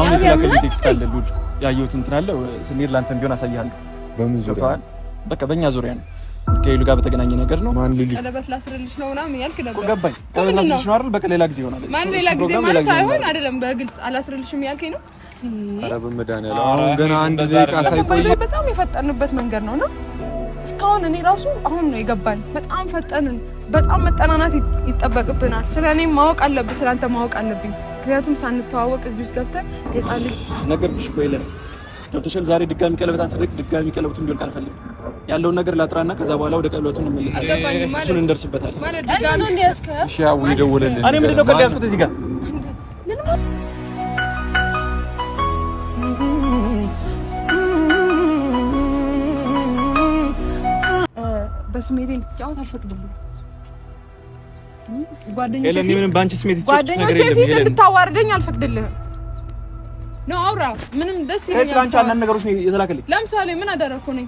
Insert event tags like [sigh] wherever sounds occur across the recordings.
አሁን የተላከልኝ ቴክስት አለ ሉል ያየሁት እንትን አለ ስንሄድ ለአንተም ቢሆን አሳይሃለሁ። በምን ዙሪያ በቃ በእኛ ዙሪያ ነው ከሌሉ ጋር በተገናኘ ነገር ነው። ማን ልጅ ቀለበት ላስርልሽ ነው ምናምን ያልክ ነበር። ገባኝ። ቀለበት ላስርልሽ ነው አይደል? በቃ ሌላ ጊዜ ይሆናል። ማን ሌላ ጊዜ ማለት ሳይሆን አይደለም፣ በግልጽ አላስርልሽም ነው። ኧረ በመድኃኒዓለም አሁን ገና አንድ ደቂቃ ሳይቆይ በጣም የፈጠንበት መንገድ ነው ነው እስካሁን እኔ ራሱ አሁን ነው የገባኝ። በጣም ፈጠንን። በጣም መጠናናት ይጠበቅብናል። ስለ እኔ ማወቅ አለብህ፣ ስለ አንተ ማወቅ አለብኝ። ምክንያቱም ሳንተዋወቅ እዚህ ውስጥ ገብተን የጻል ነገርኩሽ እኮ የለም ገብተሻል። ዛሬ ድጋሚ ቀለበት አስደረግ ድጋሚ ቀለበቱ እንዲወልቅ አልፈልግም። ያለውን ነገር ላጥራና ከዛ በኋላ ወደ ቀለበቱ እንመለሳለን። እሱን እንደርስበታለን። እሺ አሁን የደወለልን እዚህ ጋር በስሜቴ እንድትጫወት አልፈቅድልም። ጓደኞቼ ፊት እንድታዋርደኝ አልፈቅድልህም። ነው አውራ ምንም ደስ ይለኛል። ባንቺ አንዳንድ ነገሮች ነው የተላከልኝ። ለምሳሌ ምን አደረኩኝ?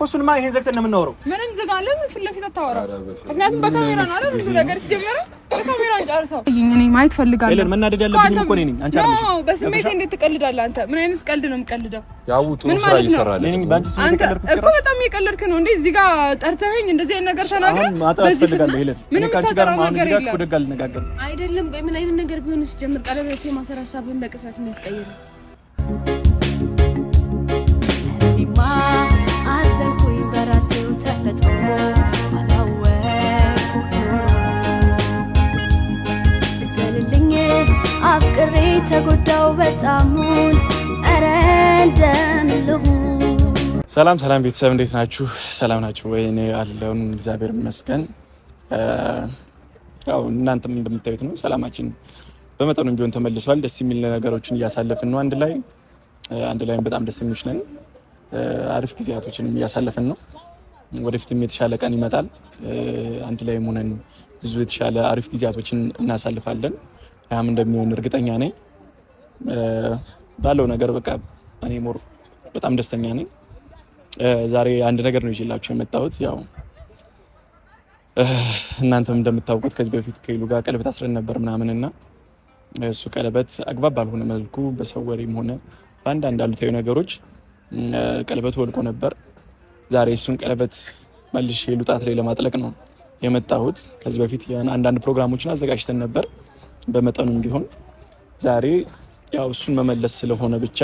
ኮሱንማ ይሄን ዘግተን ነው የምናወራው። ምንም ዝጋ ለምን ፊት ለፊት አታወራም? ምክንያቱም በካሜራ ነው አይደል? ብዙ ነገር ትጀምራ በካሜራ እንጨርሰው። እኔ ማየት ፈልጋለሁ። ኤለን መናደድ ያለብኝ እኮ እኔ ነኝ። አንቺ አይደለሽ። ነው በስሜቴ እንዴት ትቀልዳለህ አንተ? ምን አይነት ቀልድ ነው የምቀልደው? ያው ጥሩ ስራ ይሰራል። እየሰራህ ነው። አንተ እኮ በጣም እየቀለድክ ነው። እንዴ እዚህ ጋር ጠርተኸኝ እንደዚህ አይነት ነገር ተናግረህ በዚህ ፈልጋለሁ። ሄለን፣ ምንም ተጠራው ነገር የለም። እኮ ደጋል ነጋገር አይደለም። ቆይ ምን አይነት ነገር ቢሆንስ ጀምር ቀለበት የማሰር ሀሳብህን በቅጽበት የሚያስቀይር ተጎዳው በጣሙን ሰላም ሰላም ቤተሰብ እንዴት ናችሁ? ሰላም ናችሁ ወይ? እኔ አለሁኝ እግዚአብሔር ይመስገን። ያው እናንተም እንደምታዩት ነው። ሰላማችን በመጠኑ ቢሆን ተመልሷል። ደስ የሚል ነገሮችን እያሳለፍን ነው። አንድ ላይ አንድ ላይም በጣም ደስ ነን። አሪፍ ጊዜያቶችንም እያሳለፍን ነው። ወደፊትም የተሻለ ቀን ይመጣል። አንድ ላይ ሆነን ብዙ የተሻለ አሪፍ ጊዜያቶችን እናሳልፋለን። ያም እንደሚሆን እርግጠኛ ነኝ። ባለው ነገር በቃ እኔ ሞር በጣም ደስተኛ ነኝ። ዛሬ አንድ ነገር ነው ይዤላችሁ የመጣሁት። ያው እናንተም እንደምታውቁት ከዚህ በፊት ከሄሉ ጋር ቀለበት አስረን ነበር ምናምን እና እሱ ቀለበት አግባብ ባልሆነ መልኩ በሰው ወሬም ሆነ በአንዳንድ አሉታዊ ነገሮች ቀለበቱ ወልቆ ነበር። ዛሬ እሱን ቀለበት መልሼ ሄሉ ጣት ላይ ለማጥለቅ ነው የመጣሁት። ከዚህ በፊት አንዳንድ ፕሮግራሞችን አዘጋጅተን ነበር በመጠኑም ቢሆን ዛሬ ያው እሱን መመለስ ስለሆነ ብቻ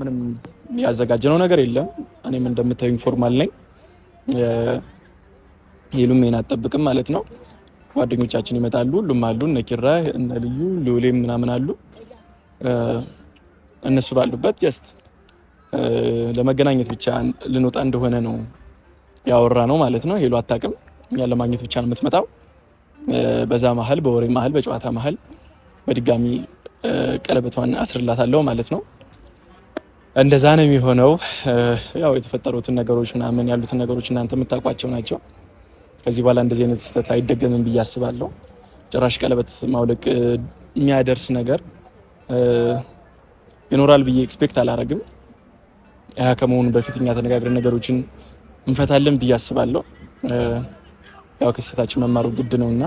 ምንም ያዘጋጀነው ነገር የለም። እኔም እንደምታዩ ኢንፎርማል ነኝ። ሄሉም ይሄን አጠብቅም ማለት ነው። ጓደኞቻችን ይመጣሉ፣ ሁሉም አሉ፣ እነ ኪራ እነ ልዩ ልውሌም ምናምን አሉ። እነሱ ባሉበት ጀስት ለመገናኘት ብቻ ልንወጣ እንደሆነ ነው ያወራ ነው ማለት ነው። ሄሉ አታውቅም፣ እኛን ለማግኘት ብቻ ነው የምትመጣው። በዛ መሀል፣ በወሬ መሀል፣ በጨዋታ መሀል በድጋሚ ቀለበቷን አስርላታለሁ ማለት ነው። እንደዛ ነው የሚሆነው። ያው የተፈጠሩትን ነገሮች ምናምን ያሉትን ነገሮች እናንተ የምታውቋቸው ናቸው። ከዚህ በኋላ እንደዚህ አይነት ስህተት አይደገምም ብዬ አስባለሁ። ጭራሽ ቀለበት ማውለቅ የሚያደርስ ነገር ይኖራል ብዬ ኤክስፔክት አላረግም። ያ ከመሆኑ በፊት እኛ ተነጋግረን ነገሮችን እንፈታለን ብዬ አስባለሁ። ያው ከስህተታችን መማሩ ግድ ነውና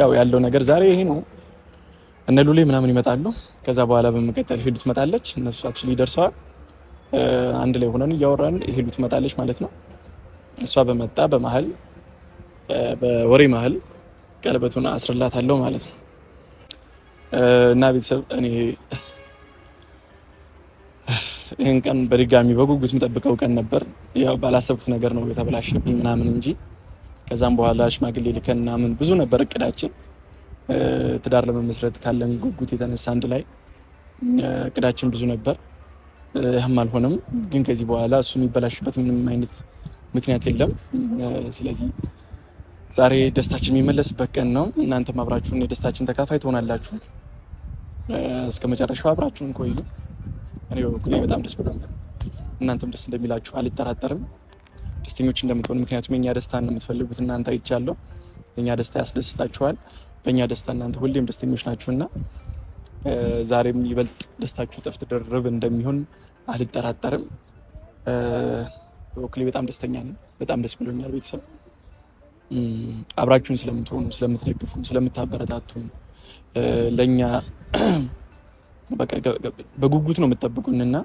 ያው ያለው ነገር ዛሬ ይሄ ነው። እነ ሉሌ ምናምን ይመጣሉ። ከዛ በኋላ በመቀጠል ሄዱ ትመጣለች። እነሱ አክቹሊ ደርሰዋል። አንድ ላይ ሆነን እያወራን ሄዱ ትመጣለች ማለት ነው። እሷ በመጣ በመሀል በወሬ መሀል ቀለበቱን አስርላታለሁ ማለት ነው። እና ቤተሰብ እኔ [laughs] ይህን ቀን በድጋሚ በጉጉት የምጠብቀው ቀን ነበር። ያው ባላሰብኩት ነገር ነው የተበላሸብኝ ምናምን እንጂ ከዛም በኋላ ሽማግሌ ልከን ምናምን ብዙ ነበር እቅዳችን ትዳር ለመመስረት ካለን ጉጉት የተነሳ አንድ ላይ እቅዳችን ብዙ ነበር። ያም አልሆነም። ግን ከዚህ በኋላ እሱ የሚበላሽበት ምንም አይነት ምክንያት የለም። ስለዚህ ዛሬ ደስታችን የሚመለስበት ቀን ነው። እናንተም አብራችሁን የደስታችን ተካፋይ ትሆናላችሁ። እስከ መጨረሻው አብራችሁን ቆዩ። እኔ በበኩሌ በጣም ደስ ብሎኛል። እናንተም ደስ እንደሚላችሁ አልጠራጠርም። ደስተኞች እንደምትሆኑ ምክንያቱም የኛ ደስታ እንደምትፈልጉት እናንተ አይቻለሁ። የኛ ደስታ ያስደስታችኋል። በእኛ ደስታ እናንተ ሁሌም ደስተኞች ናችሁና ዛሬም ይበልጥ ደስታችሁ ጥፍት ድርብ እንደሚሆን አልጠራጠርም። በበኩሌ በጣም ደስተኛ ነኝ። በጣም ደስ ብሎኛል። ቤተሰብ አብራችሁን ስለምትሆኑ፣ ስለምትደግፉ፣ ስለምታበረታቱን ለእኛ በጉጉት ነው የምትጠብቁንና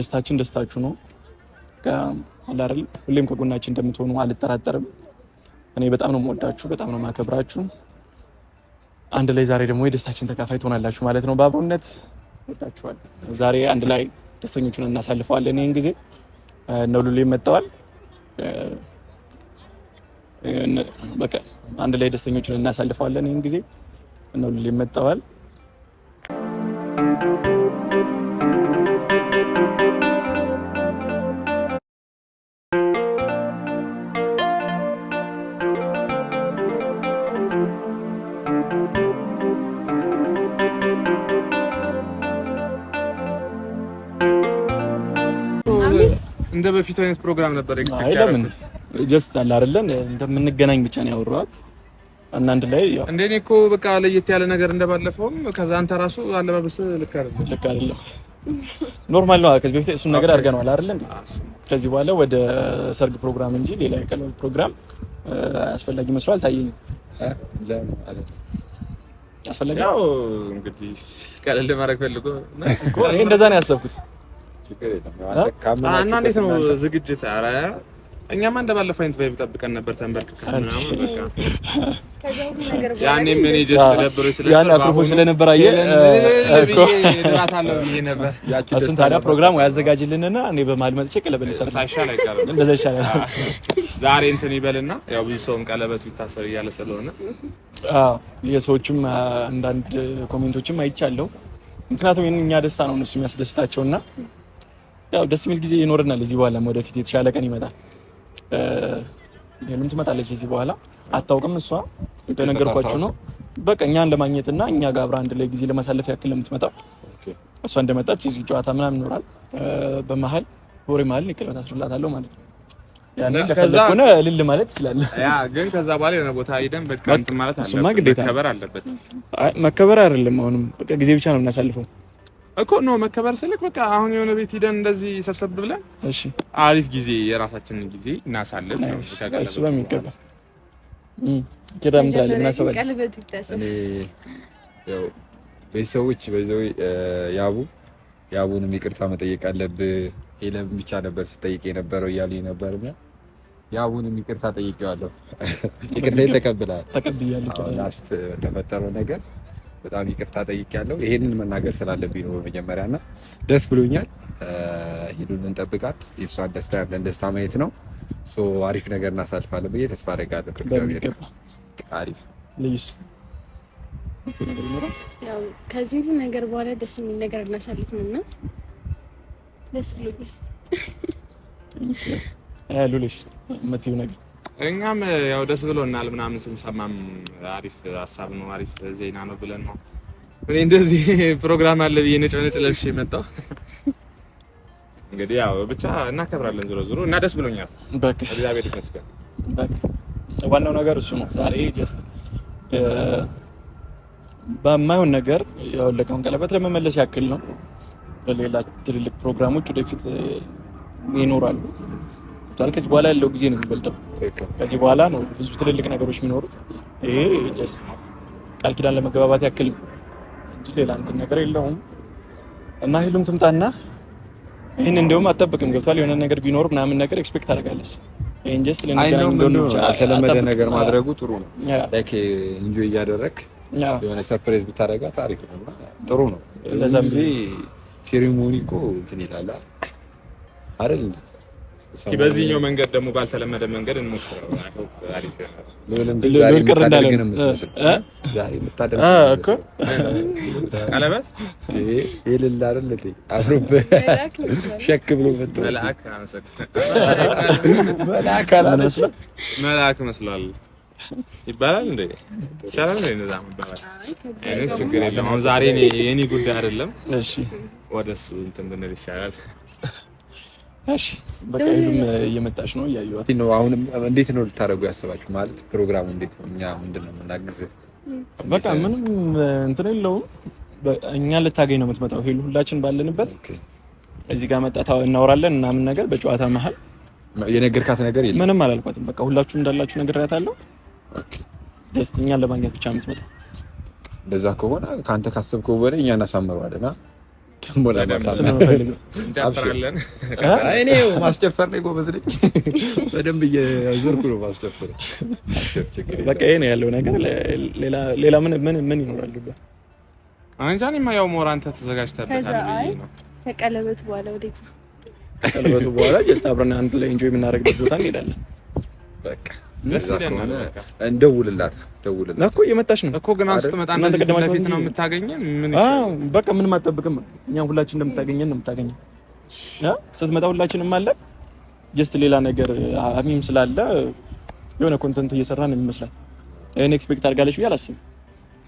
ደስታችን ደስታችሁ ነው። አለ አይደል? ሁሌም ከጎናችን እንደምትሆኑ አልጠራጠርም። እኔ በጣም ነው የምወዳችሁ፣ በጣም ነው የማከብራችሁ። አንድ ላይ ዛሬ ደግሞ የደስታችን ተካፋይ ትሆናላችሁ ማለት ነው። በአብሮነት ወዳችኋል። ዛሬ አንድ ላይ ደስተኞቹን እናሳልፈዋለን። ይህን ጊዜ እነ ሉሉ መጥተዋል። በቃ አንድ ላይ ደስተኞቹን እናሳልፈዋለን። ይህን ጊዜ እነ ሉሉ መጥተዋል። እንደ በፊቱ አይነት ፕሮግራም ነበር ኤክስፔክት ያደረኩት። ጀስት አለ አይደለን እንደምንገናኝ ብቻ ነው ያወራሁት እና አንድ ላይ እንደኔ እኮ በቃ ለየት ያለ ነገር እንደባለፈውም ከዛ አንተ ራሱ አለባበስ ልክ አይደለም፣ ኖርማል ነው። ከዚህ በፊት እሱን ነገር አድርገነዋል አይደል እንዴ? ከዚህ በኋላ ወደ ሰርግ ፕሮግራም እንጂ ሌላ የቀለበት ፕሮግራም አስፈላጊ መስሎ አልታየኝም። አስፈላጊ ያው እንግዲህ ቀለል ማድረግ ፈልጎ እኮ እኔ እንደዛ ነው ያሰብኩት። እና እንዴት ነው ዝግጅት? ኧረ እኛማ እንደባለፈው አይነት ቫይብ ጠብቀን ነበር። ተንበርክከን ስለነበር እሱን ታዲያ ፕሮግራሙ ያዘጋጅልንና እኔ በመሀል መጥቼ ቀለበት ዛሬ እንትን ይበልና ያው ብዙ ሰውም ቀለበቱ ይታሰብ እያለ ስለሆነ የሰዎችም አንዳንድ ኮሜንቶችም አይቻለሁ። ምክንያቱም እኛ ደስታ ነው እነሱ የሚያስደስታቸውና ያው ደስ የሚል ጊዜ ይኖረናል። እዚህ በኋላ ወደፊት የተሻለ ቀን ይመጣል። ሄሉም ትመጣለች እዚህ በኋላ አታውቅም። እሷ እንደነገርኳችሁ ነው። በቃ እኛን ለማግኘት እና እኛ ጋር አብራ አንድ ላይ ጊዜ ለማሳለፍ ያክል ለምትመጣው እሷ እንደመጣች እዚህ ጨዋታ ምናምን ይኖራል። በመሀል ወሬ መሀል ቀለበት አስርላታለሁ ማለት ነው። ያንን ከፈለክ ሆነ ማለት ይችላል። ያ ግን ከዛ በኋላ የሆነ ቦታ ሄደን በቃ እንትን ማለት አለበት። መከበር አለበት። መከበር አይደለም አሁንም በቃ ጊዜ ብቻ ነው የምናሳልፈው። እኮ ኖ መከበር ስልክ በቃ አሁን የሆነ ቤት ሂደን እንደዚህ ሰብሰብ ብለን እሺ፣ አሪፍ ጊዜ የራሳችንን ጊዜ እናሳልፍ። እሱ በሚገባ ኪራምታል እናሰባል። ቤተሰቦች በዚው ያቡ ያቡንም ይቅርታ መጠየቅ አለብህ። ሄለም ብቻ ነበር ስጠይቅ የነበረው እያሉ ነበር ያቡንም ይቅርታ ጠይቄዋለሁ። [laughs] ይቅርታ ተቀብለሃል? ተቀብያለሁ። ላስት በተፈጠረው ነገር በጣም ይቅርታ ጠይቄያለሁ። ይሄንን መናገር ስላለብኝ ነው በመጀመሪያ እና ደስ ብሎኛል። ሂዱን እንጠብቃት። የእሷን ደስታ ያለን ደስታ ማየት ነው። አሪፍ ነገር እናሳልፋለን ብዬ ተስፋ አደርጋለሁ። ከእግዚአብሔር ከዚህ ሁሉ ነገር በኋላ ደስ የሚል ነገር እናሳልፍ ነው እና ደስ ብሎኛል። ሉሌስ መትዩ ነገር እኛም ያው ደስ ብሎናል ምናምን ስንሰማም አሪፍ ሀሳብ ነው፣ አሪፍ ዜና ነው ብለን ነው። እኔ እንደዚህ ፕሮግራም አለ ብዬ ነጭ ነጭ ለብሼ መጣሁ። እንግዲህ ያው ብቻ እናከብራለን ዞሮ ዞሮ እና ደስ ብሎኛል። በቃ እግዚአብሔር ይመስገን። በቃ ዋናው ነገር እሱ ነው። ዛሬ ጀስት በማይሆን ነገር ያወለቀውን ቀለበት ለመመለስ ያክል ነው። ለሌላ ትልልቅ ፕሮግራሞች ወደፊት ይኖራሉ። ተወጥቷል። ከዚህ በኋላ ያለው ጊዜ ነው የሚበልጠው። ከዚህ በኋላ ነው ብዙ ትልልቅ ነገሮች የሚኖሩት። ይሄ ጀስት ቃል ኪዳን ለመገባባት ያክል እንጂ ሌላ እንትን ነገር የለውም። እና ሁሉም ትምጣና ይህን እንደውም አጠብቅም ገብቷል። የሆነ ነገር ቢኖር ምናምን ነገር ኤክስፔክት አደርጋለች። ይህን ጀስት ያልተለመደ ነገር ማድረጉ ጥሩ ነው። እንጆ እያደረግ የሆነ ሰርፕሬዝ ብታደርጋት ታሪክ ነው፣ ጥሩ ነው። ሴሪሞኒ እኮ እንትን ይላል አይደል? እስኪ በዚህኛው መንገድ ደግሞ ባልተለመደ መንገድ እንሞክረው። መልአክ መስሏል ይባላል እንዴ? ይቻላል እንዴ? እንደዛ ይባላል። እኔስ ችግር የለም። አሁን ዛሬ የኔ ጉዳይ አይደለም። እሺ፣ ወደሱ እንትን ብንል ይሻላል። እሺ በቃ ይሄንም እየመጣች ነው እያየኋት ነው። አሁንም እንዴት ነው ልታደርጉ ያሰባችሁ? ማለት ፕሮግራሙ እንዴት ነው? እኛ ምንድን ነው የምናግዝህ? በቃ ምንም እንትን የለውም። እኛ ልታገኝ ነው የምትመጣው። ሄሉ ሁላችን ባለንበት እዚህ ጋር መጣ እናወራለን ምናምን ነገር በጨዋታ መሀል የነገርካት ነገር የለም? ምንም አላልኳትም። በቃ ሁላችሁም እንዳላችሁ ነግሬያታለሁ። ኦኬ ደስተኛ ለማግኘት ብቻ የምትመጣው። እንደዛ ከሆነ ከአንተ ካሰብከው በላይ እኛ እናሳምረዋለን። [laughs] ማስጨፈር ላይ ጎበዝ ነኝ። በደንብ እየዞርኩ ነው ማስጨፈር። በቃ ይሄ ነው ያለው ነገር። ሌላ ምን ምን ይኖራል? አንጃኒማ ያው ሞራ አንተ ተዘጋጅተህበታል ከቀለበቱ በኋላ ወዴት ነው? በኋላ ጀስት አብረን አንድ ላይ ኢንጆይ የምናደርግበት ቦታ እንሄዳለን በቃ እንደውልላት ደውልላት እየመጣች ነው እኮ ግን ስትመጣ ፊት ነው የምታገኘን። ምን ይሻላል? በቃ ምንም አጠብቅም። እኛም ሁላችን እንደምታገኘን ነው የምታገኘን። ስትመጣ ሁላችንም አለ ጀስት ሌላ ነገር አሚም ስላለ የሆነ ኮንተንት እየሰራ ነው የሚመስላት። ይህን ኤክስፔክት አድርጋለች ብዬ አላስብም።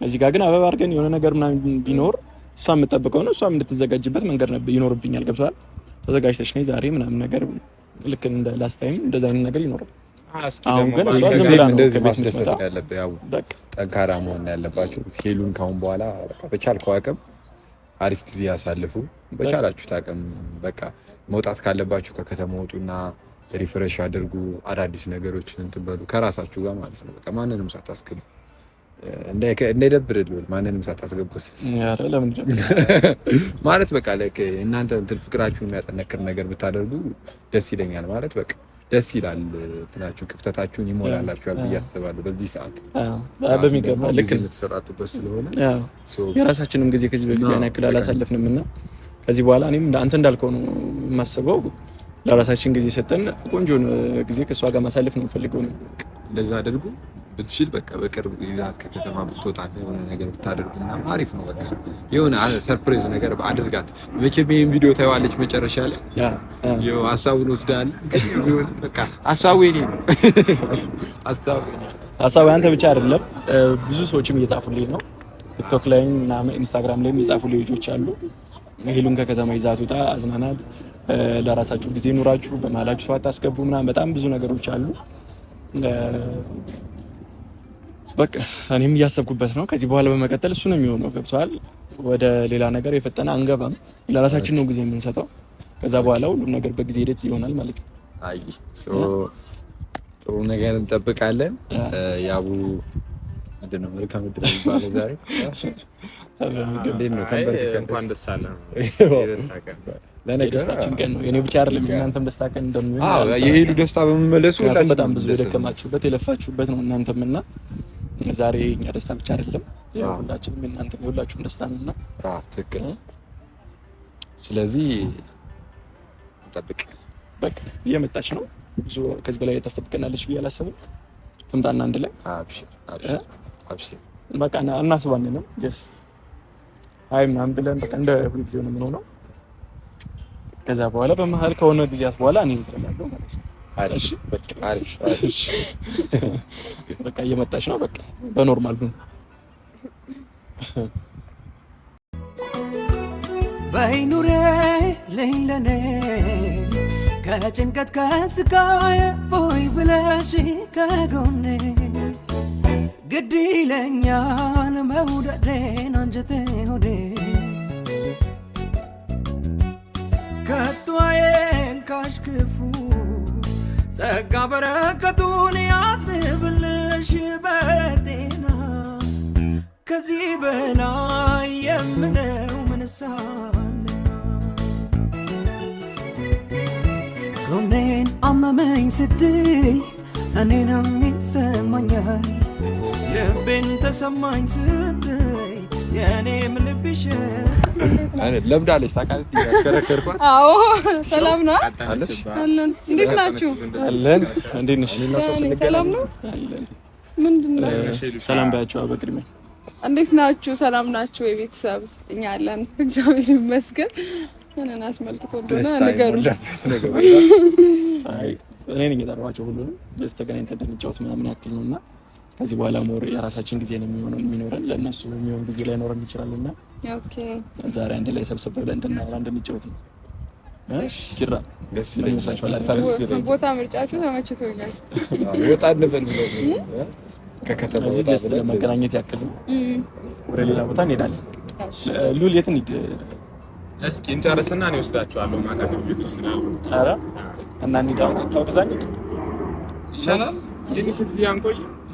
እዚህ ጋር ግን አበባ አድርገን የሆነ ነገር ምናምን ቢኖር እሷ የምጠብቀው ነው። እሷም እንድትዘጋጅበት መንገድ ይኖርብኛል። ገብቶሃል? ተዘጋጅተች ነኝ ዛሬ ምናምን ነገር ልክ እንደ ላስት ታይም እንደዚ አይነት ነገር ይኖራል። አሁን ግን እሷ ዝም ብላ ነው ማስደሰት ያለብህ። ያው ጠንካራ መሆን ያለባቸው ሄሉን ካሁን በኋላ በቻልከው አቅም አሪፍ ጊዜ ያሳልፉ። በቻላችሁት አቅም በቃ መውጣት ካለባችሁ ከከተማ ውጡና ሪፍሬሽ አድርጉ። አዳዲስ ነገሮችን እንትን በሉ ከራሳችሁ ጋር ማለት ነው። በቃ ማንንም ሳታስገቡ እንዳይደብር ልብል ማንንም ሳታስገቡ ማለት በቃ እናንተ እንትን ፍቅራችሁን የሚያጠነክር ነገር ብታደርጉ ደስ ይለኛል ማለት በቃ ደስ ይላል። ትናችሁ ክፍተታችሁን ይሞላላችኋል ብዬ አስባለሁ። በዚህ ሰዓት በሚገባ ልክ የምትሰጣጡበት ስለሆነ የራሳችንም ጊዜ ከዚህ በፊት ያን ያክል አላሳለፍንም እና ከዚህ በኋላ እኔም አንተ እንዳልከው ነው የማስበው። ለራሳችን ጊዜ ሰጠን ቆንጆን ጊዜ ከእሷ ጋር ማሳለፍ ነው የምፈልገው። ነው እንደዛ አድርጉ። ብትችል በቃ በቅርብ ይዛት ከከተማ ብትወጣ የሆነ ነገር ብታደርግ ምናምን አሪፍ ነው። በቃ የሆነ ሰርፕሬዝ ነገር አድርጋት። መቼም ይህን ቪዲዮ ታየዋለች መጨረሻ ላይ ይኸው ሀሳቡን ወስዳል። በቃ ሀሳቡ የኔ ነው። ሀሳቡ አንተ ብቻ አይደለም፣ ብዙ ሰዎችም እየጻፉልኝ ነው። ቲክቶክ ላይም ምናምን ኢንስታግራም ላይም የጻፉልኝ ልጆች አሉ። ሄሉን ከከተማ ይዛት ውጣ፣ አዝናናት፣ ለራሳችሁ ጊዜ ኑራችሁ በመሀላችሁ ሰው አታስገቡ ምናምን በጣም ብዙ ነገሮች አሉ። በቃ እኔም እያሰብኩበት ነው። ከዚህ በኋላ በመቀጠል እሱ ነው የሚሆነው። ገብተዋል። ወደ ሌላ ነገር የፈጠነ አንገባም። ለራሳችን ነው ጊዜ የምንሰጠው። ከዛ በኋላ ሁሉም ነገር በጊዜ ሂደት ይሆናል ማለት ነው። አይ ጥሩ ነገር እንጠብቃለን። ያቡ ምንድን ነው መልካም ዕድል የሚባለው ዛሬ እንኳን ደስ አለን። ለነገስታችን ቀን ነው። የኔ ብቻ አይደለም እናንተም ደስታ ቀን እንደሚሆን የሄዱ ደስታ በመመለሱ በጣም ብዙ የደከማችሁበት የለፋችሁበት ነው እናንተም እና ዛሬ እኛ ደስታ ብቻ አይደለም ሁላችንም የእናንተ የሁላችሁም ደስታ ነው እና ትክክል። ስለዚህ ጠብቅ በቃ እየመጣች ነው። ብዙ ከዚህ በላይ ታስጠብቀናለች ብዬ አላሰብም። ትምጣና አንድ ላይ በቃ እናስባንንም ስ አይ ምናምን ብለን በቃ እንደ ሁልጊዜው ነው የምንሆነው። ከዛ በኋላ በመሀል ከሆነ ጊዜያት በኋላ እኔ ትላለሁ ማለት ነው በቃ እየመጣች ነው። በቃ በኖርማል ነው። በይኑሬ ለኔ ከጭንቀት ከስቃዬ ፎይ ብለሽ ከጎኔ ግድ ይለኛል መውደዴን አንጀቴ ሆዴ ከቷዬ ጸጋ በረከቱን ያዝንብልሽ በጤና ከዚህ በላይ የምለው ምንሳለ ጎኔን አመመኝ ስትይ እኔንም ይሰማኛል ልቤን ተሰማኝ ስትይ የኔም ልብሽ ለምዳለች ታውቃለች። ያሽከረከርኳት። አዎ ሰላም ነው አለች። እንዴት ናችሁ? አለን። እንዴት ነሽ? ሰላም ነው። ምንድን ነው? ሰላም ባያችሁ በቅድሚያ እንዴት ናችሁ? ሰላም ናችሁ? የቤተሰብ እኛ አለን፣ እግዚአብሔር ይመስገን። ምንን አስመልክቶ እንደሆነ ነገሩ [laughs] እኔ ነኝ የጠራኋቸው ሁሉንም ተገናኝተን እንጫወት ምናምን ያክል ነው እና ከዚህ በኋላ ሞር የራሳችን ጊዜ ነው የሚኖረን፣ ለእነሱ የሚሆን ጊዜ ላይ ኖረን ይችላል እና ዛሬ አንድ ላይ ሰብሰብ ብለን እንድናወራ እንድንጫወት ነው። ቦታ ለመገናኘት ያክል ወደ ሌላ ቦታ እንሄዳለን። ሉል የት እንሂድ? እስኪ እንጨርስና እኔ ቤት ውስጥ ስላሉ እና እንሂድ። አሁን ይሻላል። ትንሽ እዚህ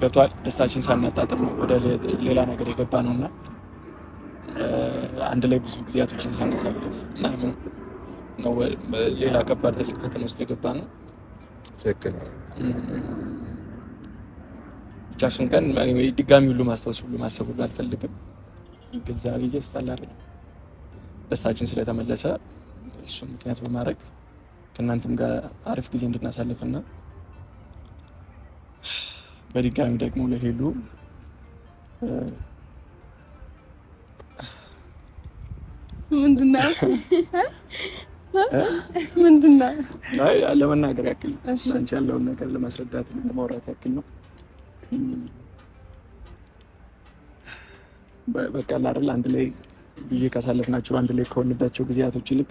ገብቷል። ደስታችን ሳናጣጥም ነው ወደ ሌላ ነገር የገባ ነው እና አንድ ላይ ብዙ ጊዜያቶችን ሳናሳልፍ ምናምን ነው ሌላ ከባድ ትልቅ ፈተና ውስጥ የገባ ነው። ትክክል ነው። ብቻ እሱን ቀን ድጋሚ ሁሉ ማስታወስ ሁሉ ማሰብ ሁሉ አልፈልግም። ግን ዛሬ እያስጠላል ደስታችን ስለተመለሰ እሱም ምክንያት በማድረግ ከእናንተም ጋር አሪፍ ጊዜ እንድናሳልፍና በድጋሚ ደግሞ ለሄሉ ምንድነው ለመናገር ያክል አንቺ ያለውን ነገር ለማስረዳት ለማውራት ያክል ነው። በቃ አይደል አንድ ላይ ጊዜ ካሳለፍናቸው አንድ ላይ ከሆንባቸው ጊዜያቶች ይልቅ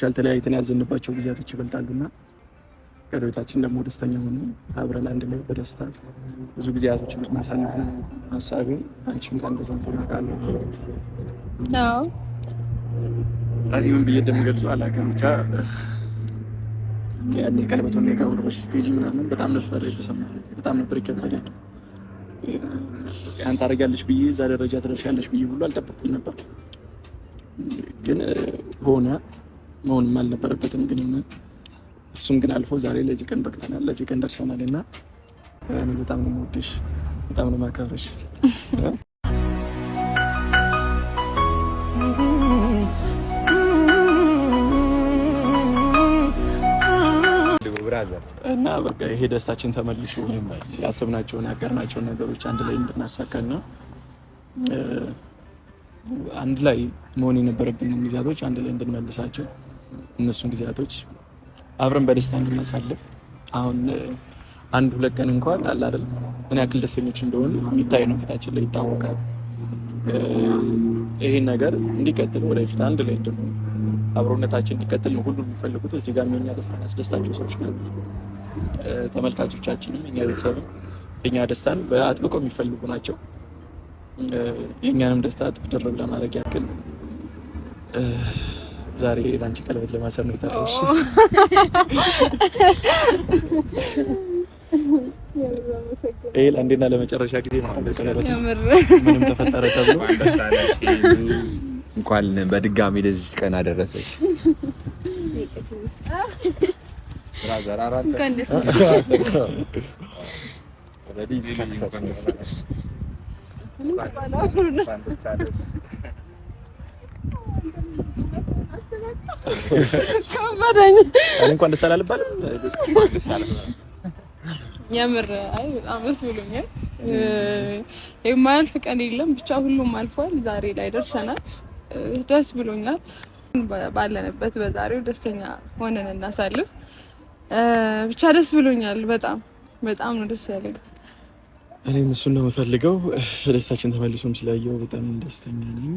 ሻል ተለያይተን ያዘንባቸው ጊዜያቶች ይበልጣሉና ከቤታችን ደግሞ ደስተኛ ሆነ አብረን አንድ ላይ በደስታ ብዙ ጊዜ ጊዜያቶችን ማሳለፍ ነው ሀሳቤ። አንቺም ጋር እንደዛ እንደሆነ አውቃለሁ። እኔ ምን ብዬ እንደምገልጸው አላውቅም። ብቻ ያኔ ቀለበቶ እኔ ስቴጅ ምናምን በጣም ነበር የተሰማ በጣም ነበር የከበደኝ። አንተ ታደርጊያለሽ ብዬ እዛ ደረጃ ትደርሻለሽ ብዬ ሁሉ አልጠበኩም ነበር። ግን ሆነ መሆንም አልነበረበትም ግን ሆነ። እሱም ግን አልፎ ዛሬ ለዚህ ቀን በቅተናል፣ ለዚህ ቀን ደርሰናል እና እኔ በጣም ነው የምወድሽ፣ በጣም ነው የማከብርሽ። እና በቃ ይሄ ደስታችን ተመልሶ ያስብናቸውን ያቀርናቸውን ነገሮች አንድ ላይ እንድናሳካል አንድ ላይ መሆን የነበረብን ጊዜያቶች አንድ ላይ እንድንመልሳቸው እነሱን ጊዜያቶች አብረን በደስታ እንድናሳልፍ አሁን አንድ ሁለት ቀን እንኳን አለ አይደል ምን ያክል ደስተኞች እንደሆኑ የሚታይ ነው፣ ፊታችን ላይ ይታወቃል። ይሄን ነገር እንዲቀጥል ወደፊት አንድ ላይ እንደሆነ አብሮነታችን እንዲቀጥል ነው ሁሉም የሚፈልጉት። እዚህ ጋር የኛ ደስታ ያስደስታቸው ሰዎች ናት። ተመልካቾቻችንም እኛ ቤተሰብም የኛ ደስታን በአጥብቆ የሚፈልጉ ናቸው። የእኛንም ደስታ እጥፍ ድርብ ለማድረግ ያክል ዛሬ ለአንቺ ቀለበት ለማሰር ነው የታለሽ። ይሄ ለአንዴና ለመጨረሻ ጊዜ ቀለበት ምንም ተፈጠረ ተብሎ እንኳን በድጋሚ ለዚህ ቀን አደረሰች። ከበደኝ። እንኳን ደስ አላህ ልባል የምር አይ በጣም ደስ ብሎኛል። የማያልፍ ቀን የለም ብቻ ሁሉም አልፏል። ዛሬ ላይ ደርሰናል። ደስ ብሎኛል። ባለንበት በዛሬው ደስተኛ ሆነን እናሳልፍ። ብቻ ደስ ብሎኛል። በጣም በጣም ነው ደስ ያለኝ። እኔም እሱን ነው የምፈልገው። ደስታችን ተመልሶም ስላየው በጣም ደስተኛ ነኝ።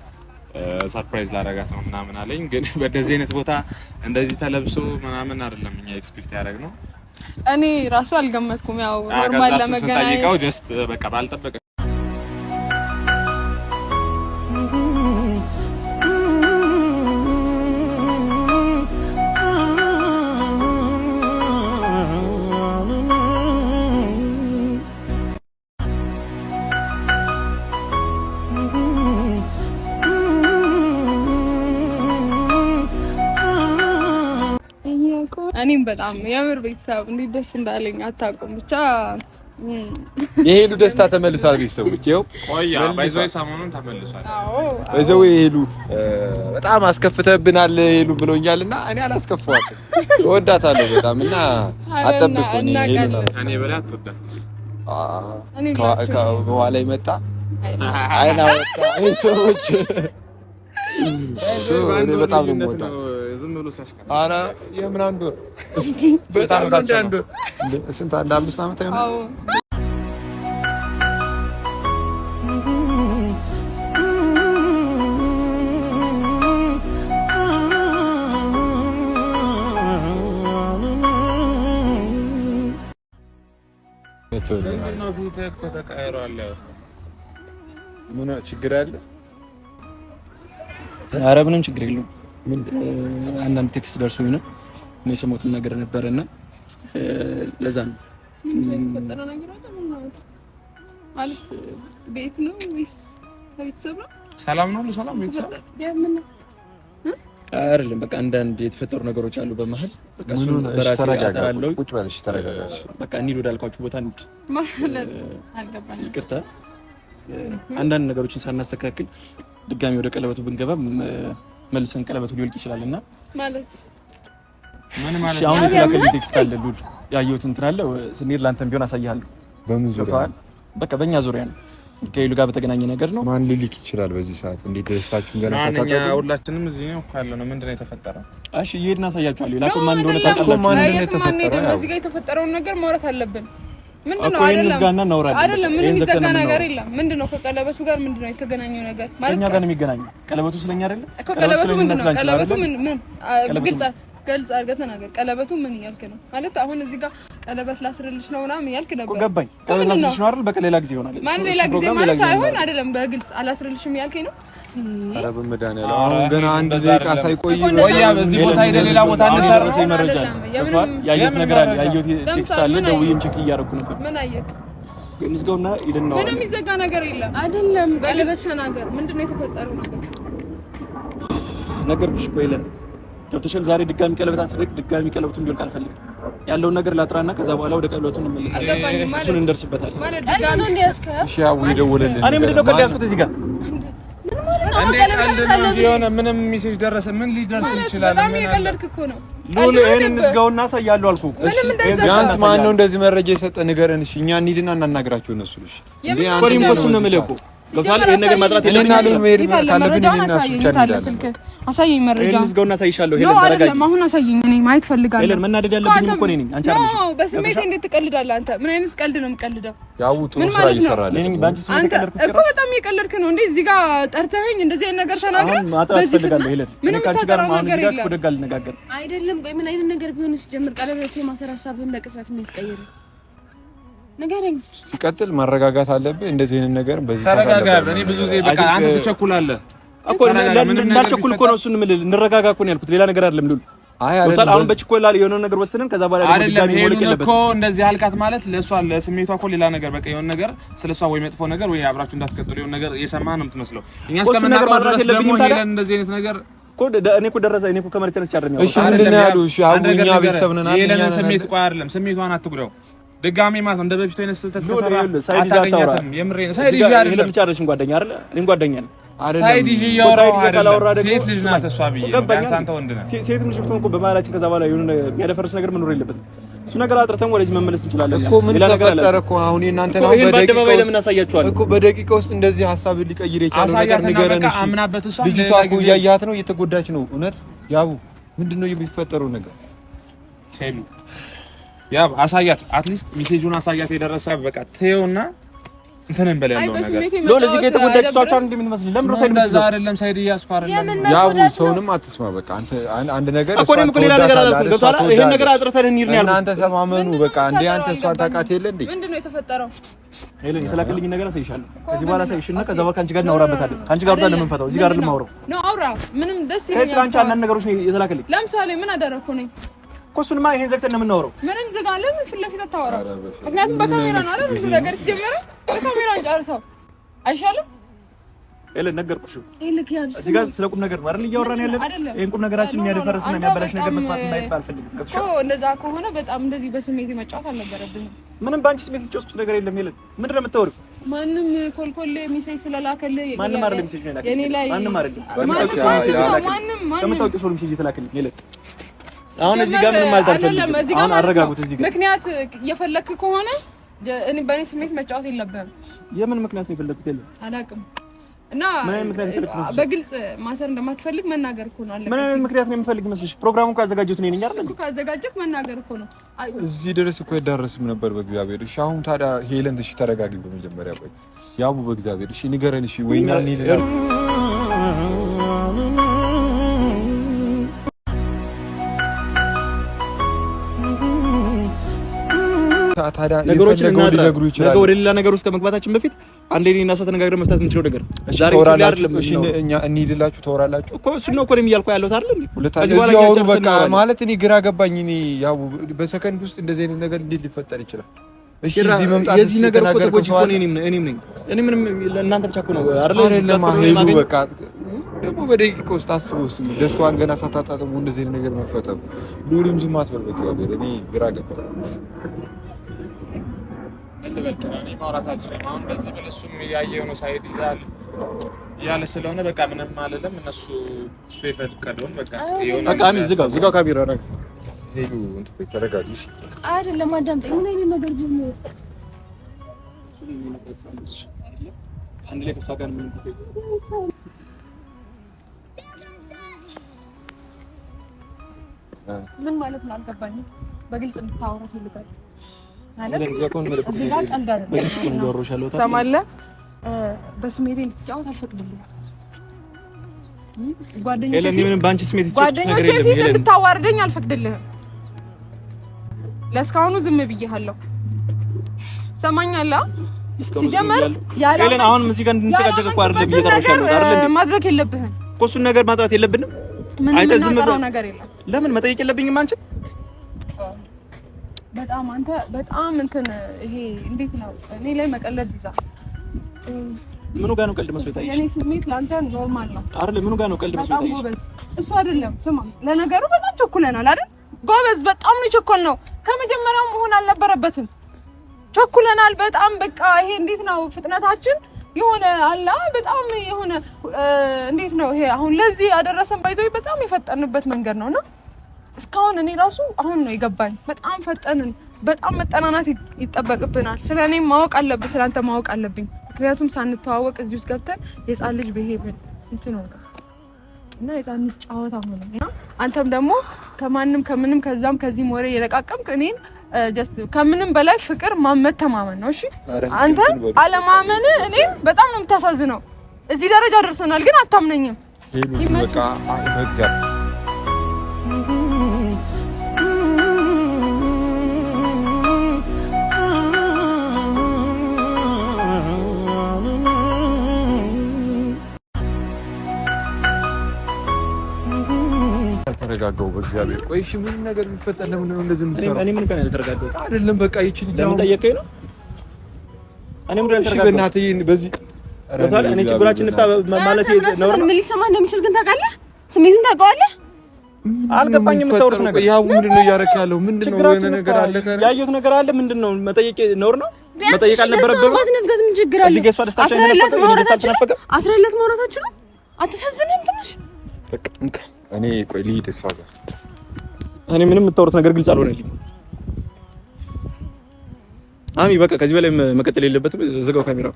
ሰርፕራይዝ ላረጋት ነው ምናምን አለኝ። ግን [laughs] በእንደዚህ አይነት ቦታ እንደዚህ ተለብሶ ምናምን አይደለም እኛ ኤክስፔክት ያደረግነው። እኔ ራሱ አልገመትኩም። ያው ኖርማል ለመገናኘት ጀስት በቃ ባልጠበቀ ግን በጣም የምር ቤተሰብ እንዴት ደስ እንዳለኝ አታውቁም። ብቻ የሄሉ ደስታ ተመልሷል። ቤተሰቦች ይኸው ሰሞኑን ተመልሷል። ይዘው የሄሉ በጣም አስከፍተብናል ሄሉ ብሎኛል እና እኔ አላስከፋዋትም፣ እወዳታለሁ በጣም እና አጠብቁ በኋላ ይመጣ አይና ሰዎች በጣም ነው የምወዳት መልሶ ኧረ የምናን ዶር በጣም እንዳንዱ ስንት አንድ አምስት ዓመት ይሆናል። ምን ችግር አለ? ኧረ ምንም ችግር የለውም። አንዳንድ ቴክስት ደርሶ ነው እኔ የሰማሁትን ነገር ነበረ እና ለዛ ነው ሰላም ነው ሰላም ቤተሰብ አይደለም። በቃ አንዳንድ የተፈጠሩ ነገሮች አሉ በመሀል በቃ እሱ በራሴ አጠራለሁ። ቁጭ በልሽ ተረጋጋሽ። በቃ እንሂድ ወዳልኳችሁ ቦታ እንሂድ ማለት አልገባኝም። ይቅርታ አንዳንድ ነገሮችን ሳናስተካክል ድጋሚ ወደ ቀለበቱ ብንገባ መልሰን ቀለበቱ ሊወልቅ ይችላል እና ማለት ምን ማለት ነው? አሁን ቴክስት አለ ሉል ያየሁት እንትን አለ ስንሄድ ለአንተም ቢሆን አሳይሃለሁ። በምን ዙሪያ በቃ በእኛ ዙሪያ ነው ከሌሉ ጋር በተገናኘ ነገር ነው። ማን ሊልክ ይችላል በዚህ ሰዓት? እንዴት ደስታችሁን ገና ፈታታ ሁላችንም እዚህ ነው ካለ ነው ምንድነው የተፈጠረው? እሺ ይሄድና አሳያችኋለሁ። ላኩ ማን እንደሆነ ታውቃላችሁ። ማን እንደሆነ የተፈጠረው እዚህ ጋር የተፈጠረውን ነገር ማውራት አለብን። ምንድነው? አይደለም ምንም የሚዘጋ ነገር የለም። ምንድነው? ከቀለበቱ ጋር ምንድነው የተገናኘው ነገር ማለት ጋር ነው የሚገናኘው። ቀለበቱ ስለኛ አይደለም። ከቀለበቱ ምንድነው? ቀለበቱ ምን ምን ግልጽ ገልጽ አድርገህ ተናገር። ቀለበቱ ምን እያልክ ነው ማለት? አሁን እዚህ ጋር ቀለበት ላስርልሽ ነው ምናምን እያልክ ነበር። ገባኝ። ቀለበት ላስርልሽ ነው አይደል? በቃ ሌላ ጊዜ ይሆናል ማለት ሌላ ጊዜ ማለት ሳይሆን አይደለም፣ በግልጽ አላስርልሽም እያልከኝ ነው። ኧረ በመድኃኒዓለም አሁን ገና አንድ ደቂቃ ሳይቆይ ወያ በዚህ ቦታ ሄደ ሌላ ቦታ እንሰራ መረጃ ያየሁት ነገር አለ። ያየሁት ቴክስት አለ። ደውዬም ቼክ እያደረኩ ነበር። ምን አየክ? እንዝጋውና ሄደን ነው። ምንም ይዘጋ ነገር የለም አይደለም። በልበት ተናገር። ምንድነው የተፈጠረው ነገር? ነገርኩሽ እኮ የለም ገብተሻል። ዛሬ ድጋሚ ቀለበት አስደርግ፣ ድጋሚ ቀለበቱ እንዲወልቅ አልፈልግም። ያለውን ነገር ላጥራና ከዛ በኋላ ወደ ቀለበቱ እንመለሳለን። እሱን እንደርስበታለን። እኔ ምንድን ነው ቀልድ ያዝኩት እዚህ ጋር የሆነ ምንም ሚሴጅ ደረሰ። ምን ሊደርስ ይችላል? ሉል ይሄን እንዝጋውና አልኩ። አልኩህ። ቢያንስ ማነው እንደዚህ መረጃ የሰጠ ንገረን። እኛ እንሂድና እናናግራቸው እነሱ ልሽ ገብቷል። ይሄን ነገር ማጥራት የለብንም። አሳየኝ፣ መረጃ እንዝጋውና አሳይሻለሁ። ሄለን ተረጋጊ። አሁን አሳየኝ፣ እኔ ማየት ፈልጋለሁ። ሄለን መናደድ ያለብኝ እኮ እኔ ነኝ። አንቺ አይደለሽ። ኖ በስሜት እንዴት ትቀልዳለህ አንተ? ምን አይነት ቀልድ ነው የምቀልደው? ያው ጥሩ ስራ እየሰራህ ነው። በአንቺ ስሜት የቀለድኩት እኮ በጣም እየቀለድክ ነው። እንዴ እዚህ ጋር ጠርተኸኝ እንደዚህ አይነት ነገር ተናግረህ በዚህ ፈልጋለሁ። ፍጥነት ምንም ተጠራው ነገር የለም። አይደለም፣ ምን አይነት ነገር ቢሆን ሲጀምር ቀለበት የማሰር ሀሳብህን በቅጽበት የሚያስቀይር ንገረኝ። ሲቀጥል ማረጋጋት አለብህ። እንደዚህ አይነት ነገር በዚህ ሰዓት ተረጋጋ። እኔ ብዙ ጊዜ በቃ አንተ ትቸኩላለህ እኮ እንዳልቸኩል እኮ ነው እሱን የምልህ። እንረጋጋ እኮ ነው ያልኩት፣ ሌላ ነገር አይደለም። ሉል አሁን በችኮላ የሆነ ነገር ወስነን ከዛ በኋላ አይደለም። እኮ እንደዚህ አልቃት ማለት ለእሷ ለስሜቷ እኮ ሌላ ነገር በቃ የሆነ ነገር ስለሷ ወይ መጥፎ ነገር ወይ አብራችሁ እንዳትቀጥሉ የሆነ ነገር የሰማህ ነው የምትመስለው። እኛ እስከምናውቀው ድረስ ደግሞ ሄለን እንደዚህ አይነት ነገር እኔ እኮ ደረሰ። እኔ እኮ ከመሬት ተነስቼ አይደለም ያልኩት። እሺ ምንድን ነው ያሉ? እሺ አሁን እኛ ቤተሰብ ነን። የሄለንን ስሜት ቆይ አይደለም ስሜቷን አትጉዳው ድጋሜ ማለት እንደ በፊቱ አይነት ስህተት ከሰራ አታገኛትም። የምሬ ነው። ሳይድ ይዤ አይደለም ጓደኛ አይደለ እኔም ጓደኛ ነኝ። ሳይድ ይዤ እያወራሁ አይደለም። ሴት ልጅ ናት እሷ ብዬ ቢያንስ አንተ ወንድ ነህ። ልጅ ብትሆን እኮ በመሀላችን ከዛ በኋላ የሆነ የሚያደፈርስ ነገር መኖር የለበትም። እሱ ነገር አጥርተን ወደዚህ መመለስ እንችላለን እኮ። ምን ተፈጠረ እኮ አሁን እናንተ ነው ለምን እኮ በደቂቃ ውስጥ እንደዚህ ሀሳብ ሊቀይር ነገር ንገረን። እሺ አምናበት እሷ ልጅቷ እኮ ነው፣ እየተጎዳች ነው። እውነት ያቡ የሚፈጠረው ነገር ያ አሳያት፣ አትሊስት ሜሴጁን አሳያት። የደረሰ በቃ ተየውና እንትን እንበል ያለው ነገር ሎል እዚህ ጋር የተጎዳች ሰዎች አንድ የምትመስል ለምን ሳይድ እንደዛ አይደለም። ሳይድ እያስኩ አይደለም። ያው ሰውንም አትስማ። በቃ አንተ አንድ ነገር እኮ እኔም እኮ ነገር አላልኩም። ገብቶሃል? ይሄን ነገር አጥርተን እንሂድ ነው ያልኩት። እናንተ ተማመኑ በቃ። እንዴ አንተ እሷን ታውቃት የለ እንዴ? ምንድነው የተፈጠረው? ሄለን የተላከልኝ ነገር አሳይሻለሁ። ከዚህ በኋላ አሳይሽና ከዛ በኋላ ካንቺ ጋር እናወራበታለን። ካንቺ ጋር ብታን የምንፈታው እዚህ ጋር አይደለም። አውራው ነው አውራ ምንም ደስ ይለኛል። ከዚህ ከስራንቻ አንዳንድ ነገሮች ነው የተላከልኝ። ለምሳሌ ምን አደረኩኝ ኮሱንማ ይሄን ዘግተን ነው የምናወራው። ምንም ዝግ አለ ፊት ለፊት ምክንያቱም በካሜራ ነው አይደል ብዙ ነገር ተጀመረ። በካሜራ እንጨርሰው አይሻልም? ኤለን ነገርኩሽ። እዚህ ጋር ስለ ቁም ነገር ማረል እያወራን ያለን። ይሄን ቁም ነገራችን የሚያደፈርስና የሚያበላሽ ነገር መስማት እንዳይባል አልፈልግም። እንደዛ ከሆነ በጣም እንደዚህ በስሜት መጫወት አልነበረብንም። ምንም በአንቺ ስሜት የተጫወትኩት ነገር የለም። ኤለን ምንድን ነው የምታወሪው? ማንም ኮልኮሌ ሚሴጅ ስለላከልህ ማንም አይደለም ሚሴጅ ነው የላከልህ። ማንም አይደለም ማንም ማንም ማንም ማንም ማንም ማንም ማንም አሁን እዚህ ጋር ምንም ማለት አሁን አረጋጉት። እዚህ ጋር ምክንያት እየፈለክ ከሆነ እኔ በእኔ ስሜት መጫወት የለብህም። የምን ምክንያት ነው የፈለኩት? የለም አላውቅም። እና በግልጽ ማሰር እንደማትፈልግ መናገር እኮ ነው። አለ ምን አይነት ምክንያት ነው የምፈልግ መስልሽ? ፕሮግራሙን ካዘጋጀሁት እኔ ነኝ አይደል? ካዘጋጀሁት መናገር እኮ ነው። እዚህ ድረስ እኮ የዳረስም ነበር በእግዚአብሔር። እሺ አሁን ታዲያ ሄለን፣ እሺ ተረጋጊ በመጀመሪያ ቆይ ያቡ፣ በእግዚአብሔር እሺ ንገረን፣ እሺ ወይና ወይኛ ታዲያ ነገሮችን ሊነግሩ ይችላል። ወደ ሌላ ነገር ውስጥ ከመግባታችን በፊት አንዴ እኔና እሷ ተነጋግረን መፍታት የምንችለው ነገር ዛሬ አይደለም። እሺ እኛ እንሂድላችሁ ታወራላችሁ እኮ እሱን ነው እኮ እኔም እያልኩ ያለሁት አይደል እንዴ? በቃ ማለት እኔ ግራ ገባኝ። እኔ ያው በሰከንድ ውስጥ እንደዚህ አይነት ነገር እንዴት ሊፈጠር ይችላል? የዚህ ነገር እኮ ተጎጂ እኮ እኔም እኔም ነኝ። እኔ ምንም ለእናንተ ብቻ እኮ ነው አይደለም በቃ ደግሞ በደቂቃ ውስጥ አስበው እስኪ ደስታዋን ገና ሳታጣጥሙ እንደዚህ ነገር መፈጠሩ። ልዑልም ዝም አትበል በእግዚአብሔር እኔ ግራ ገባ። እንበልጥ ማውራት አልችልም። አሁን እንደዚህ ብል እሱም እያየው ነው ሳይድ ይዛል ያለ ስለሆነ በቃ ምንም አልልም። እነሱ እሱ የፈቀደውን በቃ ዝጋው ዝጋው ካቢራ ነገር ሄዱ ተረጋግሽ አይደለም አዳምጠኝ። ምን አይነት ነገር ግን አንድ ላይ ከእሷ ጋር ምን ምን ማለት ነው አልገባኝም። በግልጽ እንድታወራ ፈልጋለሁ ሰማለህ፣ በስሜቴ እንድትጫወት አልፈቅድልኝም። ጓደኞቼ እንድታዋርደኝ አልፈቅድልህም። ለእስካሁኑ ዝም ሲጀመር አሁን እዚህ ጋር እንድንጨቃጨቅ እኮ አይደለም አይደለም ማድረግ የለብህም እኮ እሱን ነገር ማጥራት የለብንም። አይተህ ዝም ብለህ ለምን መጠየቅ የለብኝም አንቺን በጣም አንተ በጣም እንትን ይሄ እንዴት ነው እኔ ላይ መቀለድ ይዛ ምኑ ጋር ነው ቀልድ መስሎ የታየሽ? የኔ ስሜት ላንተ ኖርማል ነው አይደል? ምኑ ጋር ነው ቀልድ መስሎ የታየሽ? እሱ አይደለም። ስማ፣ ለነገሩ በጣም ቸኩለናል አይደል? ጎበዝ፣ በጣም ነው ቸኮል ነው። ከመጀመሪያው መሆን አልነበረበትም። ቸኩለናል በጣም በቃ ይሄ እንዴት ነው ፍጥነታችን የሆነ አላ በጣም የሆነ እንዴት ነው ይሄ አሁን ለዚህ ያደረሰን ባይዞ በጣም የፈጠንበት መንገድ ነውና እስካሁን እኔ ራሱ አሁን ነው የገባኝ። በጣም ፈጠንን። በጣም መጠናናት ይጠበቅብናል። ስለ እኔም ማወቅ አለብህ፣ ስለአንተ ማወቅ አለብኝ። ምክንያቱም ሳንተዋወቅ እዚህ ውስጥ ገብተን የህፃን ልጅ ብሄብን እንትን እና የህፃን ልጅ ጫወታ ሆነ አንተም ደግሞ ከማንም ከምንም ከዛም ከዚህ ወሬ እየለቃቀምክ እኔን ጀስት ከምንም በላይ ፍቅር መተማመን ነው። እሺ አንተ አለማመን እኔም በጣም ነው የምታሳዝነው። እዚህ ደረጃ ደርሰናል፣ ግን አታምነኝም። በእግዚአብሔር ቆይ፣ እሺ፣ ምን ነገር ቢፈጠር ለምን ነው እንደዚህ የምትሰራው? እኔ ምን ከነ ያልተረጋጋሁት አይደለም። በቃ ይቺ ልጅ ለምን ጠየቀኝ ነው? እኔ ምን ያልተረጋጋሁት? እሺ፣ በእናትህ በዚህ እኔ ችግራችን እንፍታ ማለት ነው። ምን ሊሰማ እንደሚችል ግን ታውቃለህ? ስሜቱን ታውቀዋለህ? አልገባኝም። የምታወሩት ነገር ያው ምንድን ነው እያደረክ ያለው? ምንድን ነው የሆነ ነገር አለ? ያየሁት ነገር አለ። ምንድን ነው መጠየቅ ነውር ነው? መጠየቅ አልነበረብህም። እዚህ ገሷ ደስታችን አስረለት ማውራታችን አትሰዝንም ትንሽ በቃ እንካ እኔ ቆይ ልሂድ እሷ ጋር። እኔ ምንም የምታወሩት ነገር ግልጽ አልሆነልኝ። አሚ በቃ ከዚህ በላይ መቀጠል የለበትም። ዝጋው ካሜራ